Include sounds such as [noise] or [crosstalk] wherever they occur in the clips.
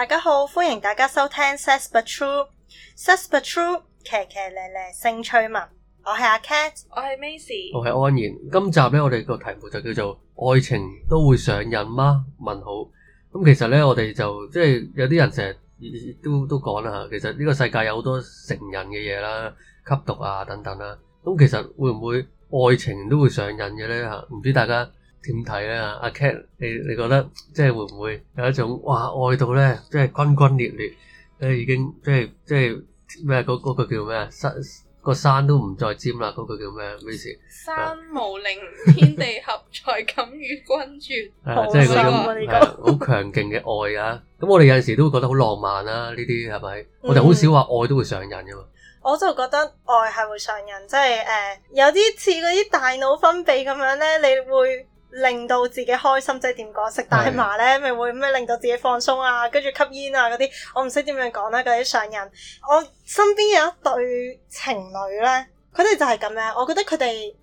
大家好，歡迎大家收聽 Says But True，Says But True，騎騎咧咧，性趣文。我係阿 Cat，我係 Macy，我係安然。今集咧，我哋個題目就叫做《愛情都會上癮嗎？》問號。咁其實咧，我哋就即係有啲人成日都都講啦吓，其實呢個世界有好多成癮嘅嘢啦，吸毒啊等等啦。咁、啊、其實會唔會愛情都會上癮嘅咧吓？唔、啊、知大家。點睇咧？阿 Cat 你你覺得即係會唔會有一種哇愛到咧，即係轟轟烈烈，即係已經即係即係咩？嗰嗰、那個那個、叫咩啊？山、那個山都唔再尖啦，嗰句叫咩？咩意思？山無棱，天地合，才敢與君絕。係 [laughs] [laughs] 即係嗰種好、啊、強勁嘅愛啊！咁 [laughs] [laughs] 我哋有陣時都會覺得好浪漫啊，呢啲係咪？我哋好少話愛都會上癮噶嘛。我就覺得愛係會上癮，即係誒、呃呃、有啲似嗰啲大腦分泌咁樣咧，你會。令到自己開心即係點講？食大麻咧，咪會咩令到自己放鬆啊？跟住吸煙啊嗰啲，我唔識點樣講啦。嗰啲上癮，我身邊有一對情侶咧，佢哋就係咁樣。我覺得佢哋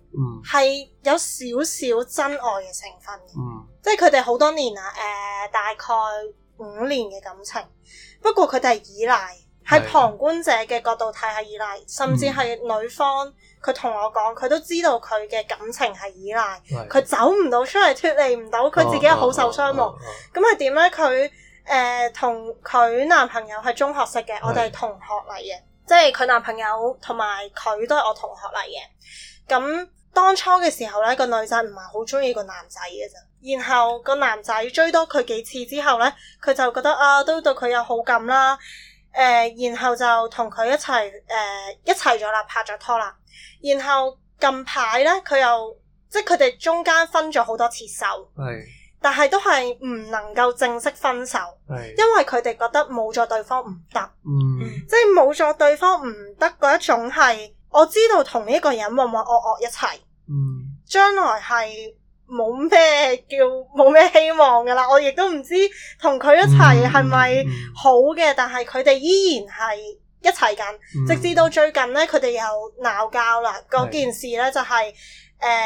係有少少真愛嘅成分、嗯、即係佢哋好多年啊，誒、呃，大概五年嘅感情，不過佢哋係依賴，喺是的 旁觀者嘅角度睇係依賴，甚至係女方。嗯嗯。佢同我講，佢都知道佢嘅感情係依賴，佢的走唔到出嚟，脫離唔到，佢自己好受傷喎。咁係點呢？佢誒同佢男朋友係中學識嘅，我哋係同學嚟嘅，的即係佢男朋友同埋佢都係我同學嚟嘅。咁當初嘅時候，呢個女仔唔係好中意個男仔嘅咋。然後個男仔追多佢幾次之後，呢佢就覺得啊，都對佢有好感啦。誒、呃，然後就同佢一齊，誒、呃、一齊咗啦，拍咗拖啦。然後近排咧，佢又即係佢哋中間分咗好多次手，係是，但係都係唔能夠正式分手，係是，因為佢哋覺得冇咗對方唔得，嗯，即係冇咗對方唔得嗰一種係，我知道同呢個人渾渾噩噩一齊，嗯，將來係。冇咩叫冇咩希望㗎喇，我亦都唔知同佢一齊係咪好嘅，嗯嗯、但係佢哋依然係一齊緊，嗯、直至到最近呢，佢哋又鬧交啦。嗰件事呢、就是，就係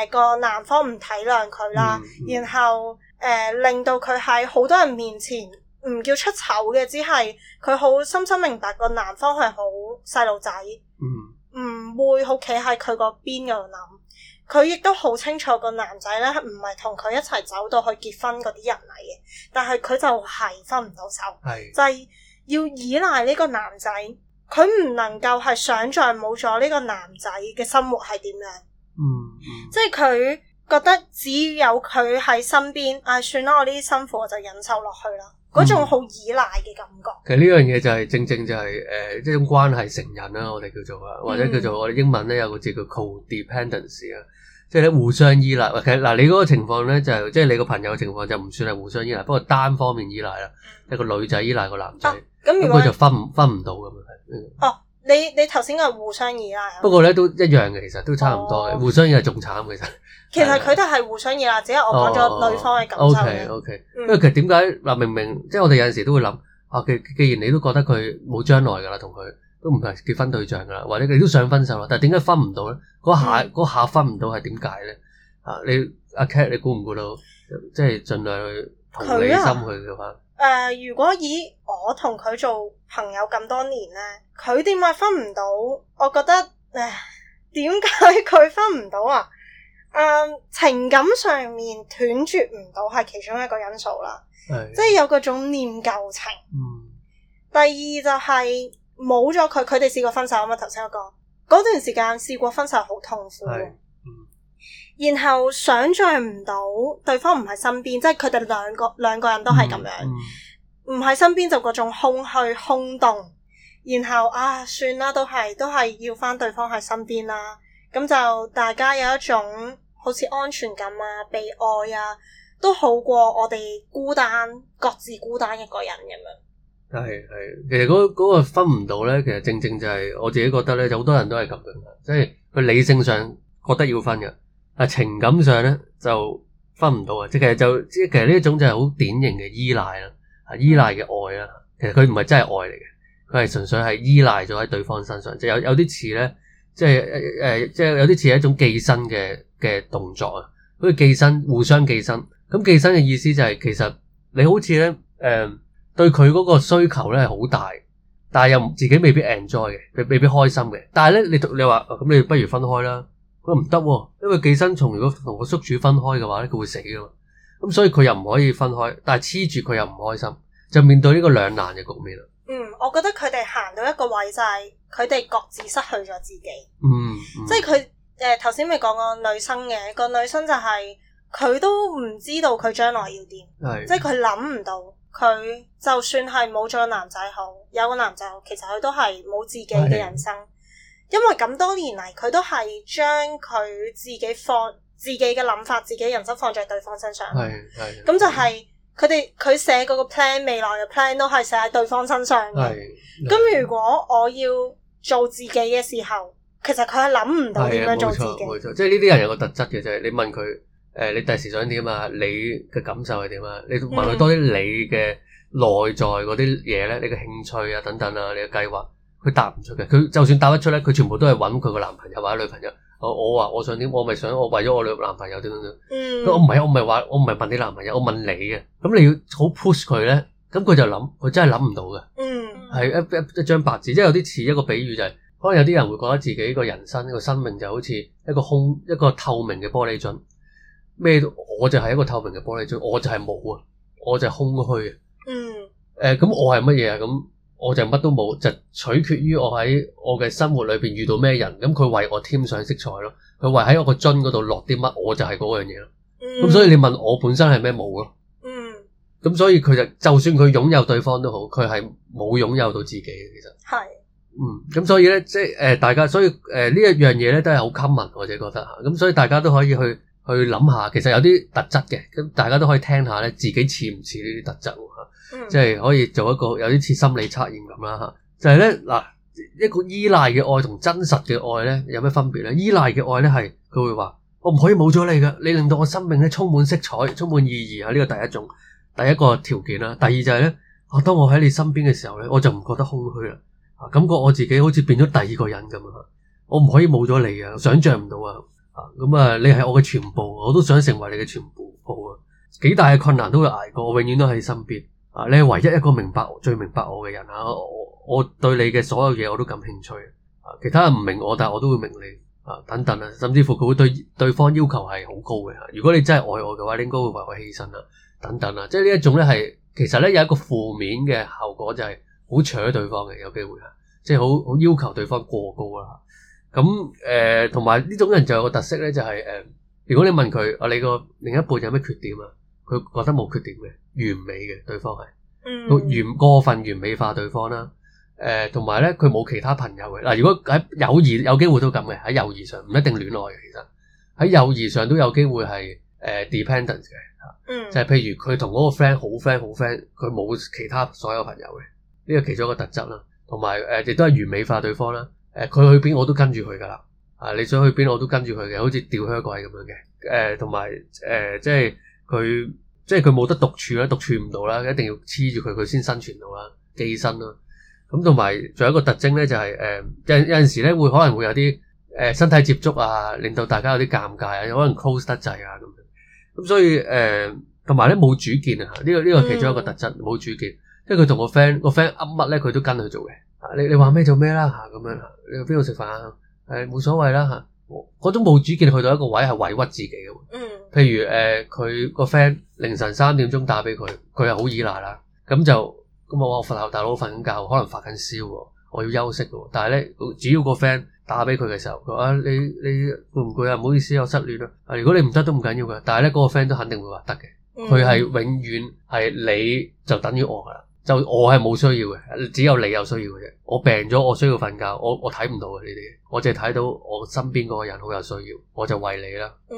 誒個男方唔體諒佢啦，嗯嗯、然後誒、呃、令到佢喺好多人面前唔叫出醜嘅，只係佢好深深明白個男方係好細路仔，唔、嗯、會好企喺佢個邊度諗。佢亦都好清楚個男仔咧，唔係同佢一齊走到去結婚嗰啲人嚟嘅，但係佢就係分唔到手，是就係要依賴呢個男仔，佢唔能夠係想象冇咗呢個男仔嘅生活係點樣，嗯嗯、即係佢覺得只有佢喺身邊，唉、啊，算啦，我呢啲辛苦我就忍受落去啦。嗰種好依賴嘅感覺、嗯，其實呢樣嘢就係正正就係誒一種關係成癮啦、啊，我哋叫做啊，嗯、或者叫做我哋英文咧有個字叫 codependence 啊，即係咧互相依賴。其實嗱你嗰個情況咧就即、是、係、就是、你個朋友嘅情況就唔算係互相依賴，不過單方面依賴啦，一個女仔依賴個男仔，咁佢、啊嗯、就分分唔到咁樣。哦、啊。嗯你你頭先係互相厭惡，不過咧都一樣嘅，其實都差唔多，嘅、哦。互相厭惡係仲慘其實。其實佢都係互相厭惡，的只係我講咗女方嘅感受。O K O K，因為其實點解嗱明明即係我哋有陣時都會諗啊，既既然你都覺得佢冇將來㗎啦，同佢都唔係結婚對象㗎啦，或者你都想分手啦，但係點解分唔到咧？嗰下、嗯、下分唔到係點解咧？啊，你阿 k a t 你估唔估到，即係盡量同理心去嘅話。誒、呃，如果以我同佢做朋友咁多年咧，佢點解分唔到？我覺得誒，點解佢分唔到啊？誒、呃，情感上面斷絕唔到係其中一個因素啦，是即係有嗰種念舊情。嗯、第二就係冇咗佢，佢哋試過分手啊嘛。頭先我講嗰段時間試過分手，好痛苦。然後想象唔到對方唔喺身邊，即係佢哋兩個兩個人都係咁樣，唔喺、嗯嗯、身邊就嗰種空虛空洞。然後啊，算啦，都係都係要翻對方喺身邊啦。咁就大家有一種好似安全感啊、被愛啊，都好過我哋孤單，各自孤單一個人咁樣。係係，其實嗰、嗰、嗰、個嗰個分唔到呢，其實正正就係我自己覺得呢，就好多人都係咁樣，即係佢理性上覺得要分嘅。啊，情感上咧就分唔到啊，即係就即係，其實呢一種就係好典型嘅依賴啦，啊依賴嘅愛啦，其實佢唔係真係愛嚟嘅，佢係純粹係依賴咗喺對方身上，即有有啲似咧，即係誒、呃、即係有啲似係一種寄生嘅嘅動作啊，好似寄生，互相寄生，咁寄生嘅意思就係、是、其實你好似咧誒對佢嗰個需求咧係好大，但係又自己未必 enjoy 嘅，佢未必開心嘅，但係咧你讀你話咁你不如分開啦。佢唔得，因為寄生蟲如果同個宿主分開嘅話咧，佢會死噶嘛。咁所以佢又唔可以分開，但係黐住佢又唔開心，就面對呢個兩難嘅局面啦。嗯，我覺得佢哋行到一個位，就係佢哋各自失去咗自己。嗯，嗯，即係佢誒，頭先咪講個女生嘅個女生就係、是、佢都唔知道佢將來要點，的即係佢諗唔到，佢就算係冇咗男仔好，有個男仔好，其實佢都係冇自己嘅人生。因為咁多年嚟，佢都係將佢自己放，自己嘅諗法，自己人生放在對方身上。係係的。咁就係佢哋佢寫嗰個 plan，未來嘅 plan 都係寫喺對方身上嘅。咁的如果我要做自己嘅時候，其實佢係諗唔到點樣做自己。冇錯，冇錯。即係呢啲人有個特質嘅就係。你問佢，誒，你第時想點啊？你嘅感受係點啊？你問佢多啲你嘅內在嗰啲嘢咧，你嘅興趣啊、等等啊、你嘅計劃。佢答唔出嘅，佢就算答得出咧，佢全部都係揾佢個男朋友或者女朋友。我我話我想點，我咪想我為咗我女男朋友點點點。嗯我，我唔係，我唔係話我唔係問你男朋友，我問你嘅。咁你要好 push 佢咧，咁佢就諗，佢真係諗唔到嘅。嗯，係一一張白紙，即係有啲似一個比喻就係、是，可能有啲人會覺得自己個人生一、這個生命就好似一個空一個透明嘅玻璃樽。咩？我就係一個透明嘅玻璃樽，我就係冇啊，我就係空虛啊。嗯、欸，誒，咁我係乜嘢啊？咁。我就乜都冇，就取決於我喺我嘅生活裏邊遇到咩人，咁佢為我添上色彩咯。佢為喺我個樽嗰度落啲乜，我就係嗰樣嘢咯。咁、嗯、所以你問我本身係咩冇咯？嗯，咁所以佢就就算佢擁有對方都好，佢係冇擁有到自己嘅，其實係。係。嗯，咁所以咧，即係誒、呃、大家，所以誒呢一樣嘢咧都係好 common，我哋覺得嚇。咁、嗯、所以大家都可以去去諗下，其實有啲特質嘅，咁大家都可以聽下咧，自己似唔似呢啲特質即係可以做一個有啲似心理測驗咁啦吓，就係咧嗱，一個依賴嘅愛同真實嘅愛咧有咩分別咧？依賴嘅愛咧係佢會話我唔可以冇咗你㗎，你令到我生命咧充滿色彩、充滿意義啊！呢個第一種，第一個條件啦。第二就係咧，啊當我喺你身邊嘅時候咧，我就唔覺得空虛啦，感覺我自己好似變咗第二個人咁啊，我唔可以冇咗你啊，想象唔到啊，啊咁啊你係我嘅全部，我都想成為你嘅全部，好啊，幾大嘅困難都會挨過，我永遠都喺你身邊。啊！你係唯一一個明白最明白我嘅人啊！我我對你嘅所有嘢我都感興趣，其他人唔明我，但係我都會明你啊！等等啊，甚至乎佢會對對方要求係好高嘅。如果你真係愛我嘅話，你應該會為我犧牲啦，等等啊！即係呢一種咧，係其實咧有一個負面嘅效果，就係好搶對方嘅，有機會吓，即係好好要求對方過高啦。咁誒，同埋呢種人就有個特色咧，就係、是、誒、呃，如果你問佢啊，你個另一半有咩缺點啊？佢覺得冇缺點嘅，完美嘅對方係，完過分完美化對方啦。誒、呃，同埋咧，佢冇其他朋友嘅嗱。如果喺友誼有機會都咁嘅喺友誼上，唔一定戀愛嘅。其實喺友誼上都有機會係誒 dependent 嘅吓，就係、是、譬如佢同嗰個 friend 好 friend 好 friend，佢冇其他所有朋友嘅呢個其中一個特質啦。同埋誒亦都係完美化對方啦。誒、呃，佢去邊我都跟住佢㗎啦。啊，你想去邊我都跟住佢嘅，好似吊靴鬼咁樣嘅。誒、呃，同埋誒即係佢。即係佢冇得獨處啦，獨處唔到啦，一定要黐住佢，佢先生存到啦，寄生啦、啊。咁同埋仲有一個特徵咧，就係、是、誒、呃、有有陣時咧會可能會有啲誒、呃、身體接觸啊，令到大家有啲尷尬啊，可能 close 得滯啊咁。咁所以誒同埋咧冇主見啊，呢個呢個其中一個特質冇、mm. 主見。即係佢同個 friend 個 friend 噏乜咧，佢都跟佢做嘅。你你話咩做咩啦吓咁樣。你邊度食飯啊？誒、啊、冇、啊、所謂啦吓。啊嗰種冇主見去到一個位係委屈自己嘅。呃，嗯，譬如誒佢個 friend 凌晨三點鐘打俾佢，佢係好依賴啦，咁就咁啊，我佛頭大佬瞓緊覺，可能發緊燒喎，我要休息嘅，但係咧主要個 friend 打俾佢嘅時候，佢話你你攰唔攰啊？唔好意思，我失戀啦，如果你唔得都唔緊要嘅，但係咧嗰個 friend 都肯定會話得嘅，佢係永遠係你就等於我噶啦。就我係冇需要嘅，只有你有需要嘅啫。我病咗，我需要瞓覺，我我睇唔到嘅呢啲，我淨係睇到，到我身邊嗰個人好有需要，我就為你啦。嗯，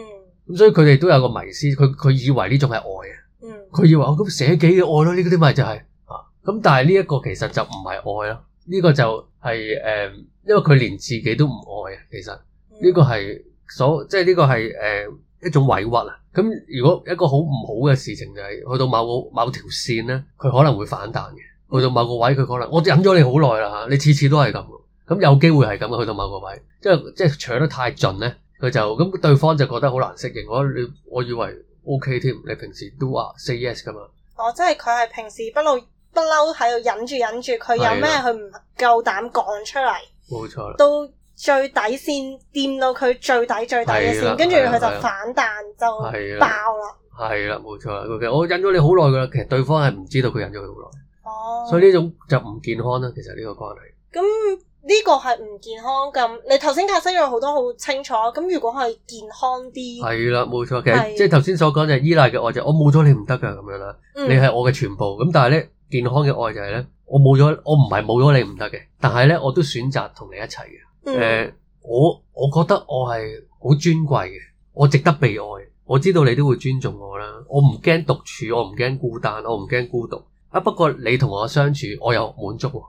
咁所以佢哋都有個迷思，佢佢以為呢種係愛，嗯哦愛就是，啊，佢以為哦咁捨己嘅愛咯，呢啲咪就係啊。咁但係呢一個其實就唔係愛咯，呢、這個就係、是、誒、呃，因為佢連自己都唔愛啊。其實呢、這個係所，即係呢個係誒、呃、一種委屈啦。咁如果一個好唔好嘅事情就係去到某個某條線呢，佢可能會反彈嘅。去到某個位佢可能我忍咗你好耐啦嚇，你次次都係咁。咁有機會係咁去到某個位，即係即係搶得太盡呢，佢就咁對方就覺得好難適應。我，我以為 O K 添，你平時都話 say yes 噶嘛。哦，即係佢係平時忍着忍着不嬲不嬲喺度忍住忍住，佢有咩佢唔夠膽講出嚟。冇錯啦。都。最底線掂到佢最底最底嘅線，跟住佢就反彈的就爆啦。係啦，冇錯嘅。我忍咗你好耐噶啦，其實對方係唔知道佢忍咗佢好耐。哦，所以呢種就唔健康啦。其實呢個關係咁呢、呢個係唔健康咁。你頭先解釋咗好多好清楚咁。如果係健康啲，係啦，冇錯嘅。即係頭先所講就係依賴嘅愛就我冇咗你唔得噶咁樣啦。嗯、你係我嘅全部咁，但係呢，健康嘅愛就係呢：「我冇咗我唔係冇咗你唔得嘅，但係呢，我都選擇同你一齊嘅。誒、呃，我我覺得我係好尊貴嘅，我值得被愛。我知道你都會尊重我啦，我唔驚獨處，我唔驚孤單，我唔驚孤獨。啊，不過你同我相處，我又滿足、啊。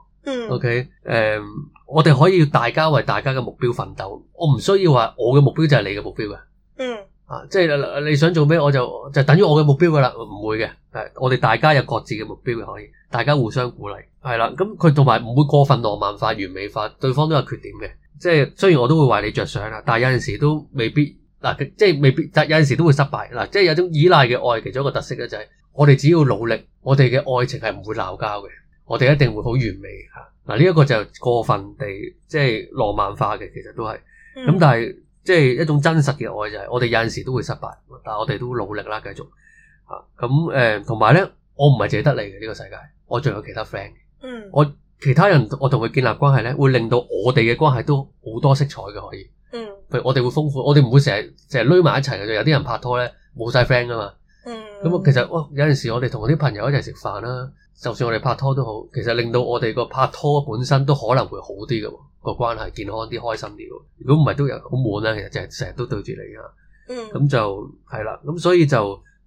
O K，誒，我哋可以大家為大家嘅目標奮鬥。我唔需要話我嘅目標就係你嘅目標嘅。嗯。啊，即係你想做咩，我就就等於我嘅目標噶啦，唔會嘅。係，我哋大家有各自嘅目標嘅，可以大家互相鼓勵。係啦，咁佢同埋唔會過分浪漫化、完美化，對方都有缺點嘅。即係雖然我都會為你着想啦，但係有陣時都未必嗱，即係未必，但有陣時都會失敗嗱。即係有種依賴嘅愛，其中一個特色咧就係我哋只要努力，我哋嘅愛情係唔會鬧交嘅，我哋一定會好完美嚇。嗱呢一個就過分地即係浪漫化嘅，其實都係咁。但係即係一種真實嘅愛就係我哋有陣時都會失敗，但係我哋都努力啦，繼續嚇咁誒。同埋咧，我唔係淨係得你嘅呢個世界，我仲有其他 friend 嘅，嗯、我。其他人我同佢建立關係咧，會令到我哋嘅關係都好多色彩嘅，可以，嗯，譬如我哋會豐富，我哋唔會成日成日匿埋一齊嘅，有啲人拍拖咧冇晒 friend 噶嘛，嗯，咁其實、哦、有我有陣時我哋同啲朋友一齊食飯啦，就算我哋拍拖都好，其實令到我哋個拍拖本身都可能會好啲嘅、啊，個關係健康啲，開心啲。如果唔係都有好悶啦，其實成成日都對住你啊，嗯，咁就係啦，咁所以就。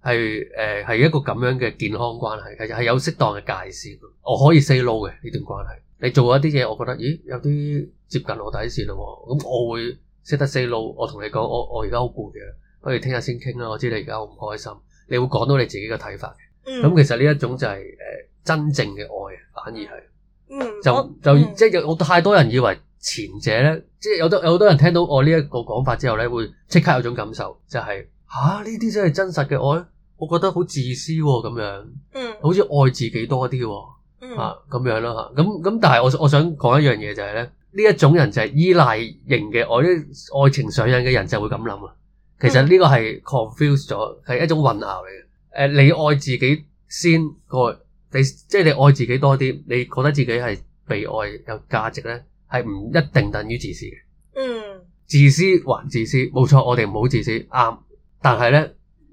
係誒，係、呃、一個咁樣嘅健康關係，其實係有適當嘅界線，我可以 say no 嘅呢段關係。你做一啲嘢，我覺得，咦，有啲接近我底線啦，咁、嗯、我會識得 say no。我同你講，我我而家好攰嘅，不如聽日先傾啦。我知你而家好唔開心，你會講到你自己嘅睇法嘅。咁其實呢一種就係、是、誒、呃、真正嘅愛，反而係，就就即係我太多人以為前者咧，即係有得有好多人聽到我呢一個講法之後咧，會即刻有種感受，就係、是。嚇！呢啲、啊、真係真實嘅愛，我覺得好自私喎、哦，咁樣，嗯、好似愛自己多啲喎、哦，嗯、啊咁樣啦嚇。咁咁，但係我我想講一樣嘢就係、是、咧，呢一種人就係依賴型嘅愛，愛情上癮嘅人就會咁諗啊。其實呢個係 confuse 咗，係一種混淆嚟嘅。誒、呃，你愛自己先愛，你即係、就是、你愛自己多啲，你覺得自己係被愛有價值咧，係唔一定等於自私嘅。嗯，自私還自私，冇錯，我哋唔好自私，私，啱。但係咧，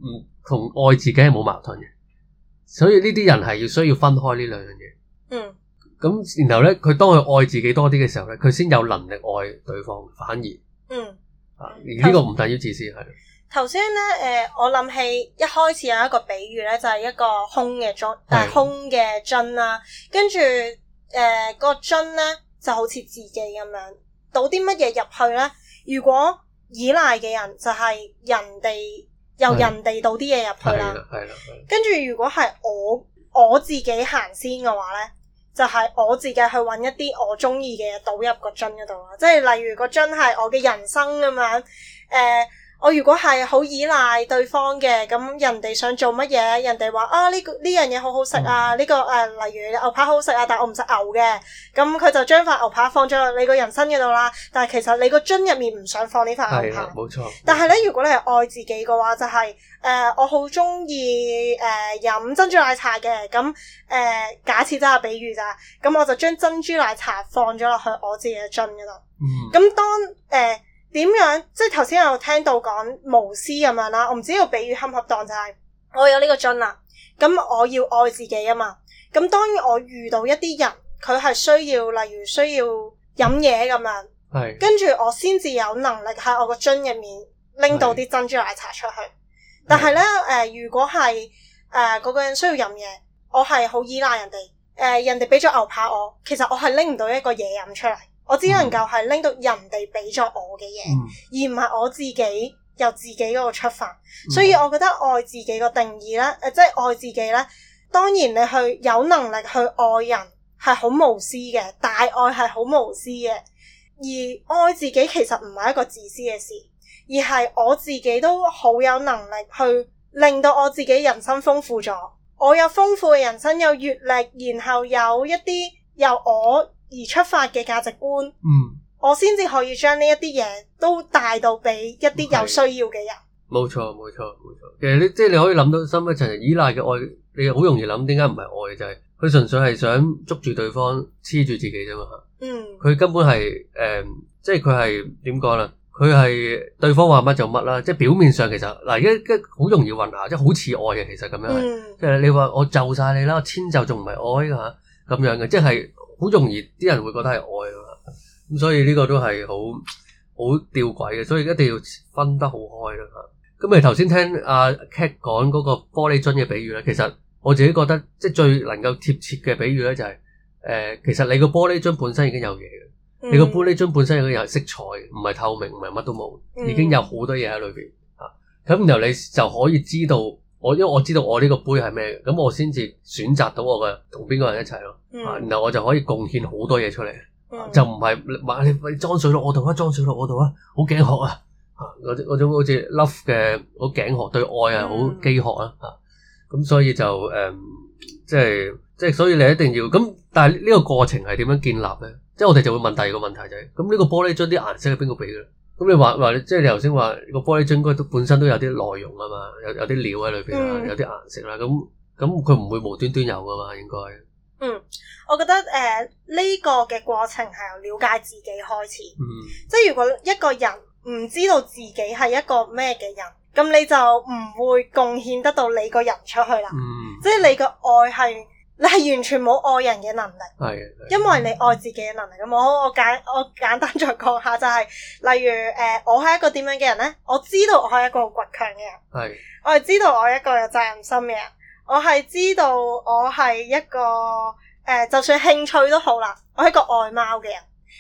唔同愛自己係冇矛盾嘅，所以呢啲人係要需要分開呢兩樣嘢。嗯，咁然後咧，佢當佢愛自己多啲嘅時候咧，佢先有能力愛對方，反而嗯啊，而呢個唔等於自私係。頭先咧，誒，我諗起一開始有一個比喻咧，就係一個空嘅樽，但係空嘅樽啦，跟住誒個樽咧就好似自己咁樣，倒啲乜嘢入去咧，如果。依賴嘅人就係人哋由人哋倒啲嘢入去啦，係啦，跟住如果係我我自己行先嘅話呢，就係、是、我自己去揾一啲我中意嘅嘢倒入個樽嗰度啦，即係例如個樽係我嘅人生咁樣，誒、呃。我如果係好依賴對方嘅，咁人哋想做乜嘢？人哋話啊呢個呢樣嘢好好食啊！呢個誒，例如牛扒好食啊，但係我唔食牛嘅。咁佢就將塊牛扒放咗落你個人身嗰度啦。但係其實你個樽入面唔想放呢塊牛扒。冇錯。但係咧，如果你係愛自己嘅話，就係誒我好鍾意誒飲珍珠奶茶嘅。咁誒，假設都有比喻咋？咁我就將珍珠奶茶放咗落去我自己嘅樽嗰度。嗯。咁當誒。點樣？即係頭先有聽到講無私咁樣啦，我唔知要比喻恰唔恰當，就係我有呢個樽啦，咁我要愛自己啊嘛。咁當然我遇到一啲人，佢係需要，例如需要飲嘢咁樣，係是的 跟住我先至有能力喺我個樽入面拎到啲珍珠奶茶出去。是的 但係咧，誒是的、呃，如果係誒嗰個人需要飲嘢，我係好依賴人哋，誒、呃，人哋俾咗牛扒我，其實我係拎唔到一個嘢飲出嚟。我只能夠係拎到人哋俾咗我嘅嘢，嗯、而唔係我自己由自己嗰個出發。嗯、所以，我覺得愛自己個定義咧，誒、呃，即、就、係、是、愛自己咧。當然，你去有能力去愛人係好無私嘅，大愛係好無私嘅。而愛自己其實唔係一個自私嘅事，而係我自己都好有能力去令到我自己人生豐富咗。我有豐富嘅人生，有閲歷，然後有一啲由我。而出發嘅價值觀，嗯，我先至可以將呢一啲嘢都帶到俾一啲有需要嘅人。冇錯，冇錯，冇錯。其實你即係、就是、你可以諗到深一層，依賴嘅愛，你好容易諗，點解唔係愛就係佢純粹係想捉住對方，黐住自己啫嘛，嗯。嗯，佢根本係誒，即係佢係點講啦？佢係對方話乜就乜啦。即係表面上其實嗱一好容易混淆，嗯，即係好似愛嘅其實咁樣。誒，你話我就曬你啦，遷就仲唔係愛吓咁樣嘅，即係。好容易啲人會覺得係愛啊嘛，咁所以呢個都係好好吊詭嘅，所以一定要分得好開啦。咁咪頭先聽阿 Kat 講嗰個玻璃樽嘅比喻咧，其實我自己覺得即係最能夠貼切嘅比喻咧、就是，就係誒其實你個玻璃樽本身已經有嘢嘅，嗯、你個玻璃樽本身已經有色彩，唔係透明，唔係乜都冇，已經有好多嘢喺裏邊嚇。咁、嗯、然後你就可以知道我，因為我知道我呢個杯係咩，咁我先至選擇到我嘅同邊個人一齊咯。啊、然後我就可以貢獻好多嘢出嚟，嗯、就唔係話你裝水落我度啊，裝水落我度啊，好頸渴啊！啊，嗰種嗰種好似 love 嘅好頸渴，對愛係好饑渴啦！啊，咁所以就誒、嗯，即係即係，所以你一定要咁。但係呢個過程係點樣建立咧？即係我哋就會問第二個問題就係、是，咁呢個玻璃樽啲顏色係邊個俾嘅？咁你話話，即係你頭先話個玻璃樽應該本身都有啲內容啊嘛，有有啲料喺裏邊啊，有啲顏、嗯、色啦。咁咁佢唔會無端端，端有噶嘛？應該。嗯，我覺得誒呢、呃，這個嘅過程係由了解自己開始，嗯、即係如果一個人唔知道自己係一個咩嘅人，咁你就唔會貢獻得到你個人出去啦。嗯、即係你個愛係你係完全冇愛人嘅能力，係因為你愛自己嘅能力。咁我我簡我簡單再講下就係、是，例如誒、呃、我係一個點樣嘅人呢？我知道我係一個倔強嘅人，係的我係知道我係一個有責任心嘅人。我係知道我係一個誒、呃，就算興趣都好啦，我係一個愛貓嘅人。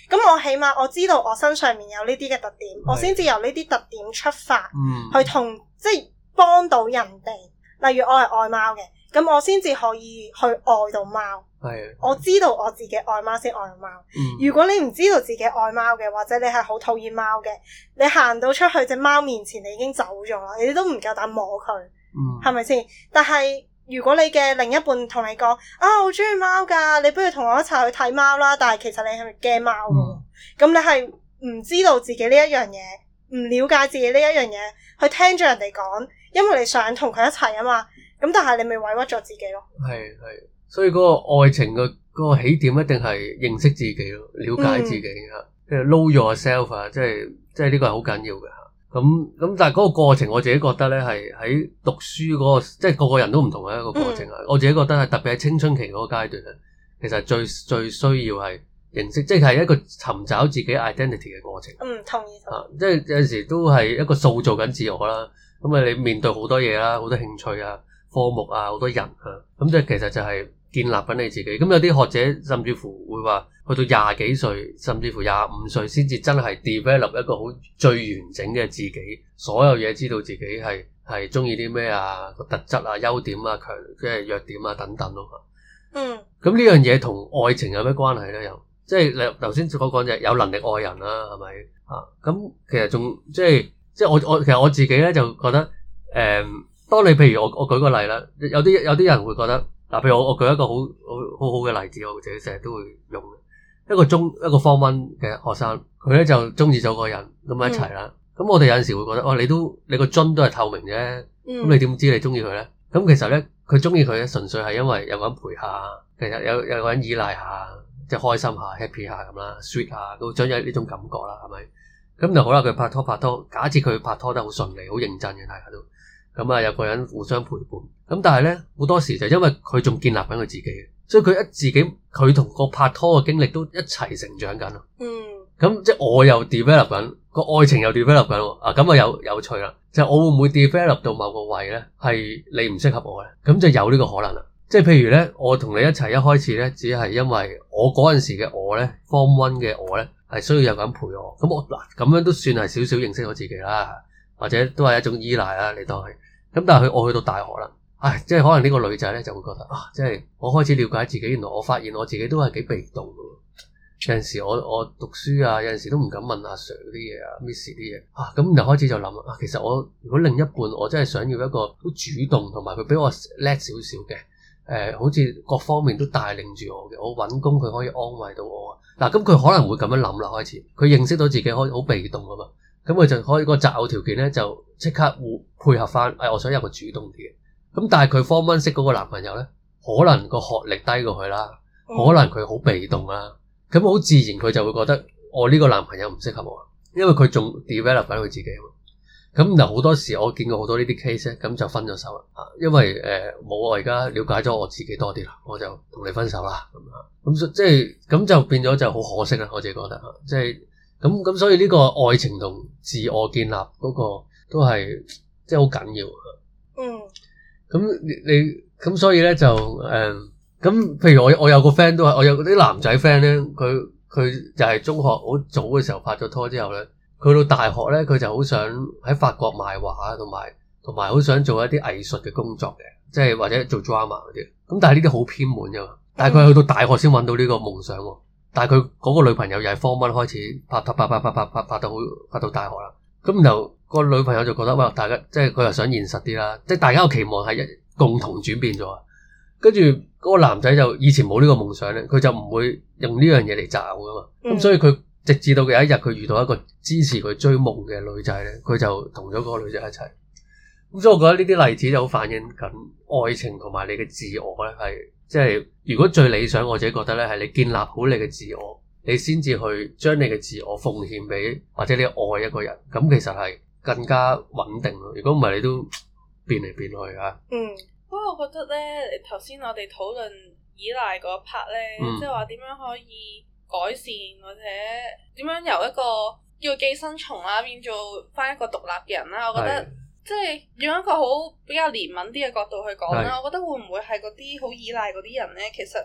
咁我起碼我知道我身上面有呢啲嘅特點，的我先至由呢啲特點出發，嗯、去同即係幫到人哋。例如我係愛貓嘅，咁我先至可以去愛到貓。係的，我知道我自己愛貓先愛貓。嗯、如果你唔知道自己愛貓嘅，或者你係好討厭貓嘅，你行到出去隻貓面前，你已經走咗啦，你都唔夠膽摸佢，係咪先？但係。如果你嘅另一半同你講啊、哦，我中意貓噶，你不如同我一齊去睇貓啦。但係其實你係咪驚貓？咁、嗯、你係唔知道自己呢一樣嘢，唔了解自己呢一樣嘢，去聽咗人哋講，因為你想同佢一齊啊嘛。咁但係你咪委屈咗自己咯。係係，所以嗰個愛情嘅嗰、嗰個起點一定係認識自己咯，了解自己啊、嗯，即係 know yourself，即係即係呢個係好緊要嘅。咁咁、嗯，但係嗰個過程，我自己覺得咧，係喺讀書嗰個，即係個個人都唔同嘅，一個過程啊。嗯、我自己覺得係特別喺青春期嗰個階段咧，其實最最需要係認識，即係係一個尋找自己 identity 嘅過程。嗯，同意、啊。即係有時都係一個塑造緊自我啦。咁、嗯、啊，你面對好多嘢啦，好多興趣啊、科目啊、好多人啊，咁即係其實就係建立緊你自己。咁、嗯、有啲學者甚至乎會話，去到廿幾歲，甚至乎廿五歲，先至真係 develop 一個好最完整嘅自己，所有嘢知道自己係係中意啲咩啊，個特質啊、優點啊、強即係弱點啊等等咯。嗯，咁呢樣嘢同愛情有咩關係咧？又即係你頭先所講就有能力愛人啦，係咪啊？咁其實仲即係即係我我其實我自己咧就覺得，誒、嗯，當你譬如我我舉個例啦，有啲有啲人會覺得，嗱，譬如我我舉一個好好好好嘅例子，我自己成日都會用。一個中一個 form one 嘅學生，佢咧就中意咗個人，咁啊一齊啦。咁、嗯、我哋有陣時會覺得，哇！你都你個樽都係透明啫，咁、嗯、你點知你中意佢咧？咁其實咧，佢中意佢咧，純粹係因為有個人陪下，其實有有個人依賴下，即係開心下、happy 下咁啦、sweet 下，都將一呢種感覺啦，係咪？咁就好啦。佢拍拖拍拖，假設佢拍拖得好順利、好認真嘅，大家都咁啊，有個人互相陪伴。咁但係咧，好多時就因為佢仲建立緊佢自己。所以佢一自己，佢同個拍拖嘅經歷都一齊成長緊嗯，嗯，咁、嗯、即係我又 develop 緊，個愛情又 develop 緊啊，咁啊有有趣啦。就係、我會唔會 develop 到某個位咧，係你唔適合我咧？咁就有呢個可能啦。即係譬如咧，我同你一齊一開始咧，只係因為我嗰陣時嘅我咧，form one 嘅我咧，係需要有個人陪我。咁我嗱咁樣都算係少少認識我自己啦，或者都係一種依賴啦，你當係。咁但係佢我去到大學啦。唉、哎，即係可能呢個女仔咧就會覺得啊，即係我開始了解自己，原來我發現我自己都係幾被動嘅。有陣時我我讀書啊，有陣時都唔敢問阿 Sir 嗰啲嘢啊，Miss 啲嘢啊。咁就開始就諗啊，其實我如果另一半我真係想要一個好主動同埋佢比我叻少少嘅，誒、呃，好似各方面都帶領住我嘅，我搵工佢可以安慰到我啊。嗱，咁佢可能會咁樣諗啦。開始佢認識到自己可以好被動啊嘛，咁佢就可以個擇偶條件咧就即刻會配合翻。誒、哎，我想有個主動啲嘅。咁、嗯、但係佢 form one 識嗰個男朋友咧，可能個學歷低過佢啦，可能佢好被動啦。咁好自然佢就會覺得我呢個男朋友唔適合我，因為佢仲 develop 緊佢自己啊。咁就好多時我見過好多呢啲 case 咧，咁就分咗手啦。因為誒冇、呃、我而家了解咗我自己多啲啦，我就同你分手啦。咁咁即係咁就變咗就好可惜啦。我自己覺得即係咁咁，所以呢個愛情同自我建立嗰個都係即係好緊要嘅。嗯。咁你咁所以咧就誒咁，嗯、譬如我我有個 friend 都係，我有啲男仔 friend 咧，佢佢就係中學好早嘅時候拍咗拖之後咧，佢到大學咧佢就好想喺法國賣畫，同埋同埋好想做一啲藝術嘅工作嘅，即係或者做 drama 嗰啲。咁但係呢啲好偏門啫嘛，但係佢去到大學先搵到呢個夢想。但係佢嗰個女朋友又係 form one 開始拍拖，拍拍拍拍拍拍到拍到大學啦，咁就。個女朋友就覺得，哇！大家即係佢又想現實啲啦，即係大家嘅期望係一共同轉變咗啊。跟住嗰個男仔就以前冇呢個夢想咧，佢就唔會用呢樣嘢嚟找噶嘛。咁所以佢直至到有一日佢遇到一個支持佢追夢嘅女仔咧，佢就同咗嗰個女仔一齊。咁所以我覺得呢啲例子就好反映緊愛情同埋你嘅自我咧，係即係如果最理想，我自己覺得咧係你建立好你嘅自我，你先至去將你嘅自我奉獻俾或者你愛一個人。咁其實係。更加穩定咯，如果唔係你都變嚟變去嚇。嗯，不過我覺得咧，頭先我哋討論依賴嗰一 part 咧，即係話點樣可以改善或者點樣由一個叫寄生蟲啦、啊、變做翻一個獨立人啦、啊，我覺得是即係用一個好比較憐憫啲嘅角度去講啦，是我覺得會唔會係嗰啲好依賴嗰啲人咧？其實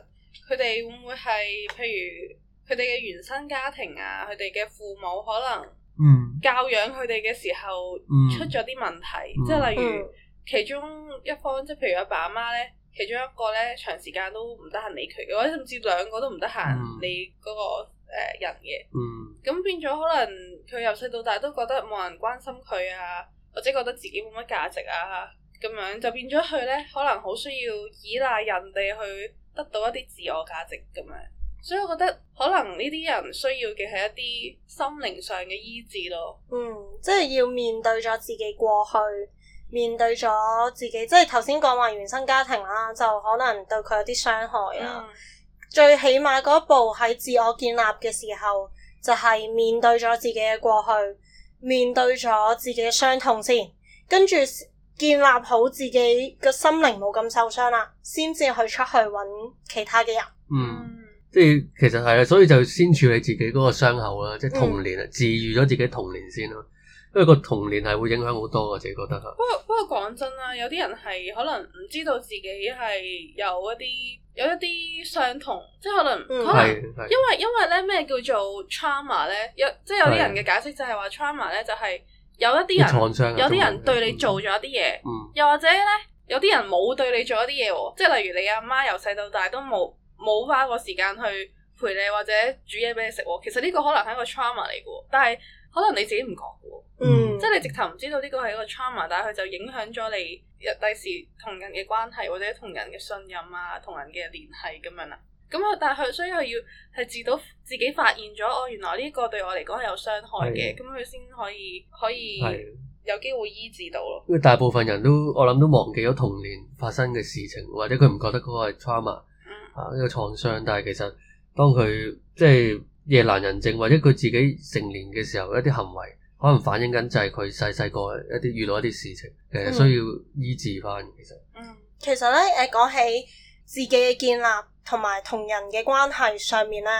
佢哋會唔會係譬如佢哋嘅原生家庭啊，佢哋嘅父母可能嗯。教養佢哋嘅時候，嗯，出咗啲問題，嗯，即係例如，嗯、其中一方，即係譬如阿爸阿媽咧，其中一個咧長時間都唔得閒理佢，或者甚至兩個都唔得閒理嗰個誒人嘅。咁，嗯，變咗可能佢由細到大都覺得冇人關心佢啊，或者覺得自己冇乜價值啊，咁樣就變咗佢咧可能好需要依賴人哋去得到一啲自我價值咁樣。所以我覺得可能呢啲人需要嘅係一啲心靈上嘅醫治咯。嗯，即係要面對咗自己過去，面對咗自己，即係頭先講話原生家庭啦，啊，就可能對佢有啲傷害啊。嗯，最起碼嗰一步喺自我建立嘅時候，就係、是、面對咗自己嘅過去，面對咗自己嘅傷痛先，跟住建立好自己嘅心靈冇咁受傷啦，先至去出去揾其他嘅人。嗯。即係其實係啊，所以就先處理自己嗰個傷口啦，即係童年啊，嗯、治癒咗自己童年先咯。因為個童年係會影響好多我、啊、自己覺得不。不過不過講真啦，有啲人係可能唔知道自己係有一啲有一啲相同，即係可能可能、嗯、因為是是因為咧，咩叫做 trauma 咧，有即係有啲人嘅解釋就係話 trauma 咧就係、是、有一啲人、創傷啊、有啲人對你做咗一啲嘢，嗯、又或者咧有啲人冇對你做一啲嘢，即係例如你阿媽由細到大都冇。冇花個時間去陪你或者煮嘢俾你食，其實呢個可能係一個 trauma 嚟嘅，但係可能你自己唔覺嘅，嗯、即係你直頭唔知道呢個係一個 trauma，但係佢就影響咗你第時同人嘅關係或者同人嘅信任啊，同人嘅聯繫咁樣啦。咁但係佢需要要係自到自己發現咗哦，原來呢個對我嚟講係有傷害嘅，咁佢先可以可以有機會醫治到咯。因為大部分人都我諗都忘記咗童年發生嘅事情，或者佢唔覺得嗰個係 trauma。啊！呢個創傷，但係其實當佢即係夜闌人靜，或者佢自己成年嘅時候，一啲行為可能反映緊就係佢細細個一啲遇到一啲事情，誒、嗯、需要醫治翻。嗯、其實呢，嗯，其實咧，誒講起自己嘅建立同埋同人嘅關係上面咧，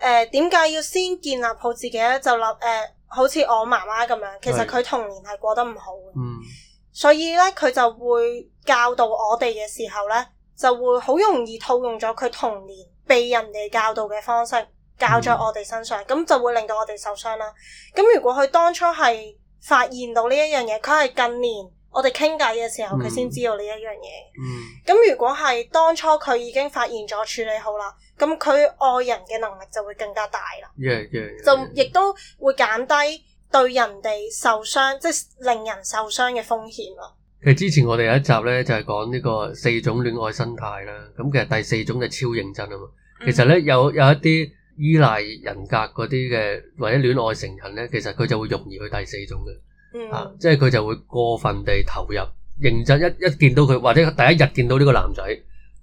誒點解要先建立好自己咧？就立誒、呃，好似我媽媽咁樣，其實佢童年係過得唔好嘅，嗯，所以咧佢就會教導我哋嘅時候咧。就會好容易套用咗佢童年被人哋教導嘅方式教咗我哋身上，咁、嗯、就會令到我哋受傷啦。咁如果佢當初係發現到呢一樣嘢，佢係近年我哋傾偈嘅時候佢先、嗯、知道呢一樣嘢。咁、嗯、如果係當初佢已經發現咗處理好啦，咁佢愛人嘅能力就會更加大啦。Yeah, yeah, yeah, yeah. 就亦都會減低對人哋受傷，即、就、係、係、令人受傷嘅風險咯。其實之前我哋有一集咧就係講呢個四種戀愛心態啦，咁其實第四種就超認真啊嘛。其實咧有有一啲依賴人格嗰啲嘅或者戀愛成人咧，其實佢就會容易去第四種嘅，嗯、啊，即係佢就會過分地投入認真。一一見到佢或者第一日見到呢個男仔，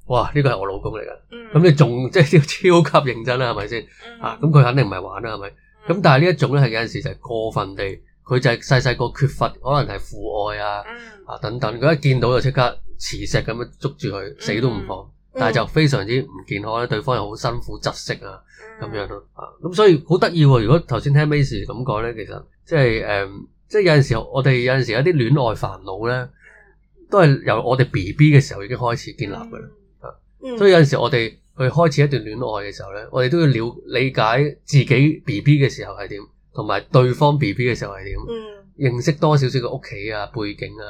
哇，呢個係我老公嚟噶，咁、嗯、你仲即係超級認真啦，係咪先？啊，咁佢肯定唔係玩啦，係咪？咁、嗯、但係呢一種咧係有陣時就係過分地。佢就係細細個缺乏，可能係父愛啊，啊等等。佢一見到就即刻磁石咁樣捉住佢，死都唔放。但係就非常之唔健康咧，嗯、對方又好辛苦窒息啊，咁樣咯。咁、啊、所以好得意喎。如果頭先聽 Maisy 咁講咧，其實即係誒，即係、嗯、有陣時我哋有陣時一啲戀愛煩惱咧，都係由我哋 B B 嘅時候已經開始建立噶啦、啊。所以有陣時我哋去開始一段戀愛嘅時候咧，我哋都要了理解自己 B B 嘅時候係點。同埋對方 B B 嘅時候係點？嗯、認識多少少嘅屋企啊、背景啊，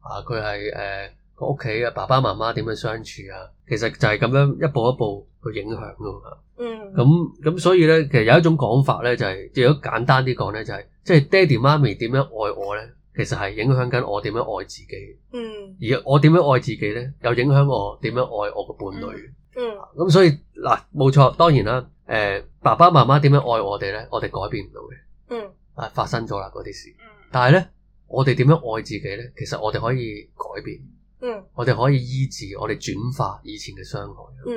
啊佢係誒個屋企啊、爸爸媽媽點樣相處啊，其實就係咁樣一步一步去影響㗎嘛。咁咁、嗯、所以咧，其實有一種講法咧，就係、是、如果簡單啲講咧，就係即係爹哋媽咪點樣愛我咧，其實係影響緊我點樣愛自己。嗯、而我點樣愛自己咧，又影響我點樣愛我嘅伴侶。嗯嗯。嗯，咁所以嗱冇錯，當然啦，誒、呃、爸爸媽媽點樣愛我哋咧，我哋改變唔到嘅。嗯，啊發生咗啦嗰啲事，但係咧我哋點樣愛自己咧？其實我哋可以改變。嗯，我哋可以醫治，我哋轉化以前嘅傷害。嗯，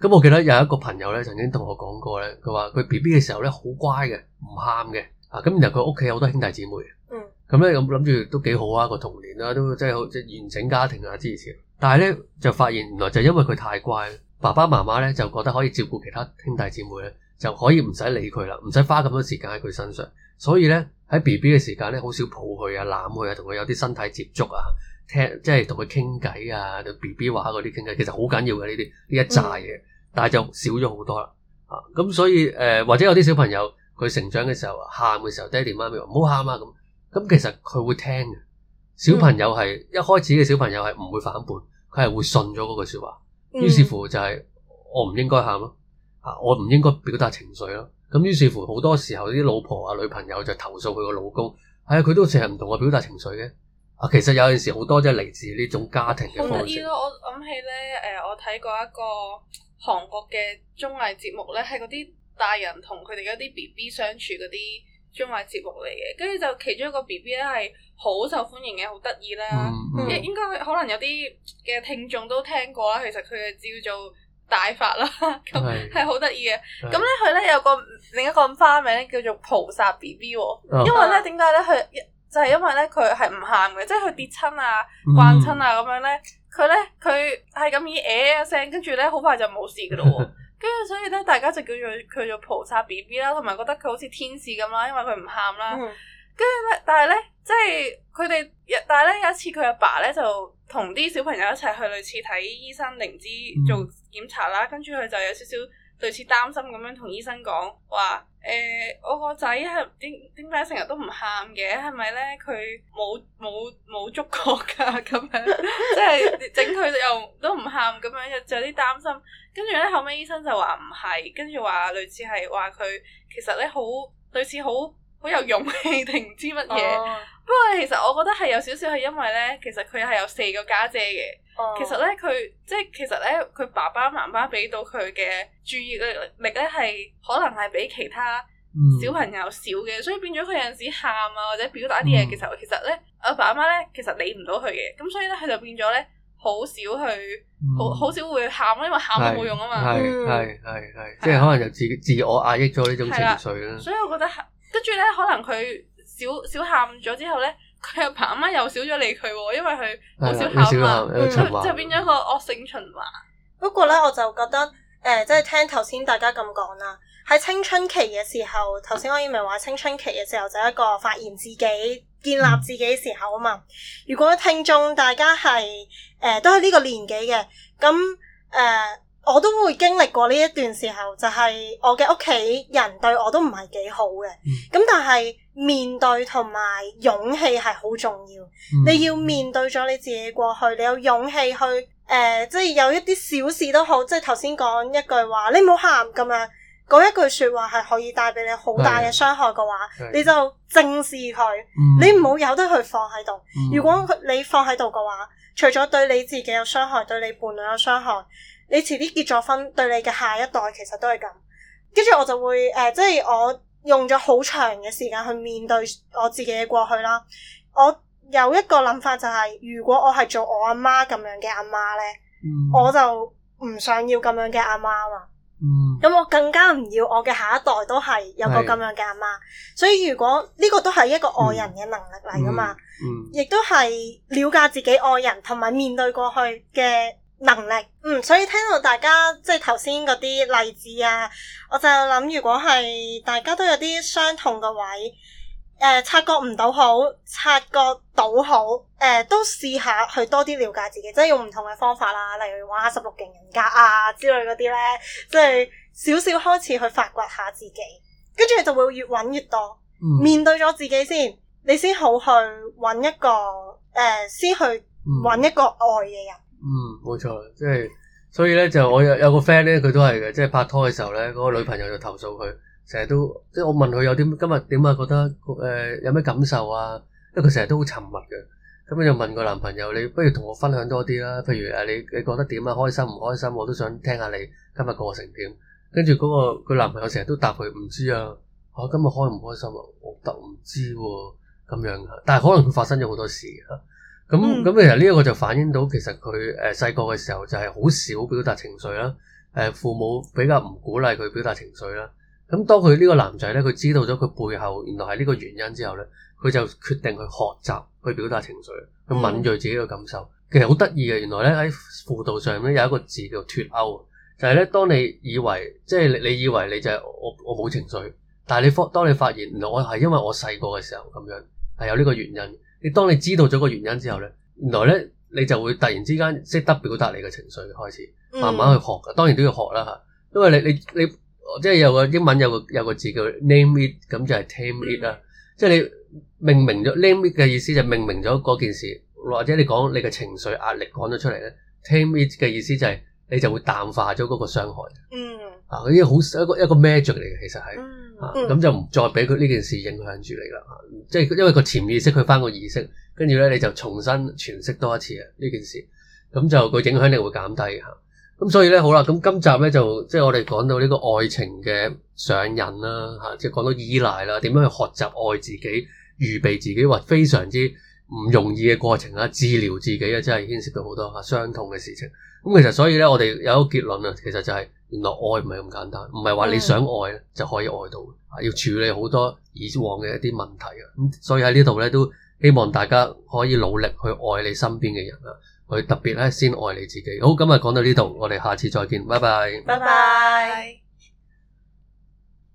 咁我記得有一個朋友咧，曾經同我講過咧，佢話佢 B B 嘅時候咧好乖嘅，唔喊嘅。啊，咁然後佢屋企有好多兄弟姐妹。嗯，咁咧諗諗住都幾好啊個童年啦，都即係即完整家庭啊支持。但係咧就發現原來就因為佢太乖，爸爸媽媽咧就覺得可以照顧其他兄弟姊妹咧，就可以唔使理佢啦，唔使花咁多時間喺佢身上。所以咧喺 B B 嘅時間咧，好少抱佢啊、攬佢啊、同佢有啲身體接觸啊、聽即係同佢傾偈啊、B B 話嗰啲傾偈，其實好緊要嘅呢啲呢一揸嘢，嗯、但係就少咗好多啦。啊，咁所以誒、呃，或者有啲小朋友佢成長嘅時候喊嘅時候，爹哋媽咪話唔好喊啊，咁咁其實佢會聽嘅。小朋友係一開始嘅小朋友係唔會反叛。嗯。佢係會信咗嗰句說話，於是乎就係我唔應該喊咯，啊我唔應該表達情緒咯，咁於是乎好多時候啲老婆啊、女朋友就投訴佢個老公，係啊佢都成日唔同我表達情緒嘅，啊其實有陣時好多即係嚟自呢種家庭嘅方式咯。我諗起咧，誒我睇過一個韓國嘅綜藝節目咧，係嗰啲大人同佢哋嗰啲 B B 相處嗰啲。綜藝節目嚟嘅，跟住就其中一個 B B 咧係好受歡迎嘅，好得意啦。應、嗯嗯、應該可能有啲嘅聽眾都聽過啦。其實佢係叫做大法啦，咁係好得意嘅。咁咧佢咧有個另一個花名咧叫做菩薩 B B、哦哦、因為咧點解咧佢就係、是、因為咧佢係唔喊嘅，即係佢跌親啊、慣親啊咁樣咧，佢咧佢係咁咦嘢嘅聲，跟住咧好快就冇事嘅咯喎。 [laughs] 跟住所以咧，大家就叫做佢做菩薩 BB 啦，同埋覺得佢好似天使咁啦，因為佢唔喊啦。跟住咧，但係咧，即係佢哋，但係咧有一次佢阿爸咧就同啲小朋友一齊去類似睇醫生靈芝做檢查啦，跟住佢就有少少類似擔心咁樣同醫生講，嘩。誒、呃，我個仔係點點解成日都唔喊嘅？係咪咧？佢冇冇冇觸覺㗎？咁樣即係 [laughs] 整佢又都唔喊咁樣，有有啲擔心。跟住咧後尾醫生就話唔係，跟住話類似係話佢其實咧好類似好好有勇氣定唔知乜嘢。Oh. 不過其實我覺得係有少少係因為咧，其實佢係有四個家姐嘅。其實咧佢即係其實咧佢爸爸媽媽俾到佢嘅注意力咧係可能係比其他小朋友少嘅，嗯、所以變咗佢有陣時喊啊或者表達啲嘢嘅時候，其實咧阿爸阿媽咧其實理唔到佢嘅，咁所以咧佢就變咗咧、嗯、好少去，好少會喊啦，因為喊冇用啊嘛，係係係，即係可能就自自我壓抑咗呢種情緒啦。所以我覺得跟住咧，可能佢少少喊咗之後咧。佢阿爸阿媽又少咗理佢喎、哦，因為佢好少考啊嘛，就變咗一個惡性循環。不過呢，我就覺得誒、呃，即係聽頭先大家咁講啦，喺青春期嘅時候，頭先我以咪話青春期嘅時候就係一個發現自己、建立自己嘅時候啊嘛。如果聽眾大家係誒、呃、都係呢個年紀嘅，咁誒。呃我都會經歷過呢一段時候，就係、是、我嘅屋企人對我都唔係幾好嘅。咁、嗯、但係面對同埋勇氣係好重要。嗯、你要面對咗你自己過去，你有勇氣去誒、呃，即係有一啲小事都好，即係頭先講一句話，你唔好喊咁樣，嗰一句說話係可以帶俾你好大嘅傷害嘅話，是你就正視佢，嗯、你唔好由得佢放喺度。嗯、如果你放喺度嘅話，除咗對你自己有傷害，對你伴侶有傷害。你遲啲結咗婚，對你嘅下一代其實都係咁。跟住我就會誒、呃，即係我用咗好長嘅時間去面對我自己嘅過去啦。我有一個諗法就係、是，如果我係做我阿媽咁樣嘅阿媽呢，嗯、我就唔想要咁樣嘅阿媽啊。咁、嗯、我更加唔要我嘅下一代都係有個咁樣嘅阿媽。是所以如果呢、呢個都係一個愛人嘅能力嚟噶嘛，亦都係了解自己愛人同埋面對過去嘅能力，嗯，所以聽到大家即係頭先啲例子啊，我就諗如果係大家都有啲相同嘅位，誒、呃、察覺唔到好，察覺到好，誒都試下去多啲了解自己，即係用唔同嘅方法啦，例如玩下十六型人格啊之類啲咧，即係少少開始去發掘下自己，跟住就會越揾越多。嗯、面對咗自己先，你先好去揾一個誒、呃、先去揾一個愛嘅人。嗯，冇錯，即係所以咧，就我有有個 friend 咧，佢都係嘅，即係拍拖嘅時候咧，嗰、嗰個女朋友就投訴佢，成日都即係我問佢有啲今日點啊，覺得誒、呃、有咩感受啊，因為佢成日都好沉默嘅，咁樣就問個男朋友，你不如同我分享多啲啦、啊，譬如誒你你覺得點啊，開心唔開心、啊，我都想聽下你今日過成點，跟住嗰個佢男朋友成日都答佢唔知啊，啊今日開唔開心啊，我得唔知咁、啊、樣嘅，但係可能佢發生咗好多事、啊。咁咁其實呢一個就反映到其實佢誒細個嘅時候就係好少表達情緒啦、啊，誒父母比較唔鼓勵佢表達情緒啦、啊。咁當佢呢個男仔咧，佢知道咗佢背後原來係呢個原因之後咧，佢就決定去學習去表達情緒，去敏銳自己嘅感受。嗯、其實好得意嘅，原來咧喺輔導上咧有一個字叫脫歐，就係、是、咧當你以為即係、就是、你以為你就係、是、我我冇情緒，但係你當你發現原來係因為我細個嘅時候咁樣係有呢個原因。你當你知道咗個原因之後咧，原來咧你就會突然之間識得表達你嘅情緒，開始慢慢去學。當然都要學啦嚇，因為你你你即係有個英文有個有個字叫 name it，咁就係 tame it 啦、嗯。即係你命名咗、嗯、name it 嘅意思就命名咗嗰件事，或者你講你嘅情緒壓力講咗出嚟咧、嗯、tame it 嘅意思就係你就會淡化咗嗰個傷害。嗯，啊，依啲好一個一個 magic 嚟嘅，其實係。嗯咁、啊、就唔再俾佢呢件事影響住你啦、啊，即係因為個潛意識佢翻個意識，跟住咧你就重新詮釋多一次啊呢件事，咁、啊、就個影響力會減低嚇。咁、啊、所以咧好啦，咁今集咧就即係我哋講到呢個愛情嘅上癮啦嚇、啊啊，即係講到依賴啦，點樣去學習愛自己、預備自己或者非常之唔容易嘅過程啦，治療自己嘅、啊啊、真係牽涉到好多嚇、啊、傷痛嘅事情。咁其實所以咧，我哋有一個結論啊，其實就係原來愛唔係咁簡單，唔係話你想愛咧就可以愛到，的要處理好多以往嘅一啲問題啊。咁所以喺呢度咧，都希望大家可以努力去愛你身邊嘅人啊，去特別咧先愛你自己。好，咁就講到呢度，我哋下次再見，拜拜，拜拜。